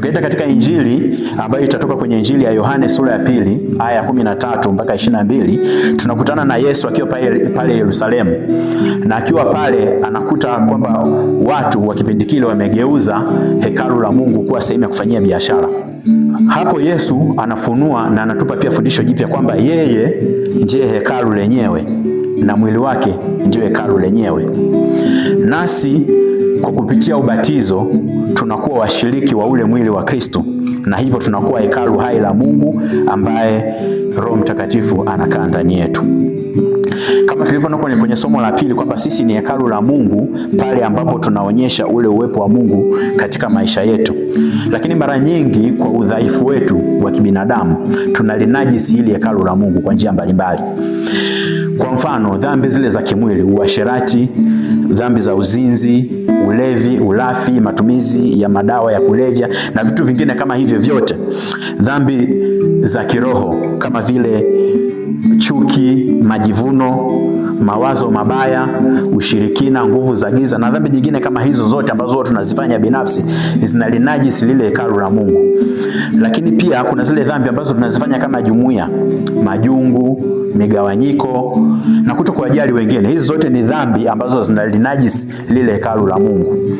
Tukaenda katika injili ambayo itatoka kwenye injili ya Yohane sura ya pili aya ya kumi na tatu mpaka ishirini na mbili tunakutana na Yesu akiwa pale Yerusalemu, na akiwa pale anakuta kwamba watu wa kipindi kile wamegeuza hekalu la Mungu kuwa sehemu ya kufanyia biashara. Hapo Yesu anafunua na anatupa pia fundisho jipya kwamba yeye ndiye hekalu lenyewe na mwili wake ndio hekalu lenyewe nasi kwa kupitia ubatizo tunakuwa washiriki wa ule mwili wa Kristo, na hivyo tunakuwa hekalu hai la Mungu ambaye Roho Mtakatifu anakaa ndani yetu, kama tulivyoona kwenye somo la pili kwamba sisi ni hekalu la Mungu pale ambapo tunaonyesha ule uwepo wa Mungu katika maisha yetu. Lakini mara nyingi kwa udhaifu wetu wa kibinadamu tunalinajisi hili hekalu la Mungu kwa njia mbalimbali. Kwa mfano, dhambi zile za kimwili, uasherati, dhambi za uzinzi ulevi, ulafi, matumizi ya madawa ya kulevya na vitu vingine kama hivyo vyote, dhambi za kiroho kama vile chuki, majivuno, mawazo mabaya, ushirikina, nguvu za giza na dhambi nyingine kama hizo zote ambazo tunazifanya binafsi zinalinajisi lile hekalu la Mungu. Lakini pia kuna zile dhambi ambazo tunazifanya kama jumuiya, majungu migawanyiko na kuto kuwajali wengine. Hizi zote ni dhambi ambazo zinalinajisi lile hekalu la Mungu.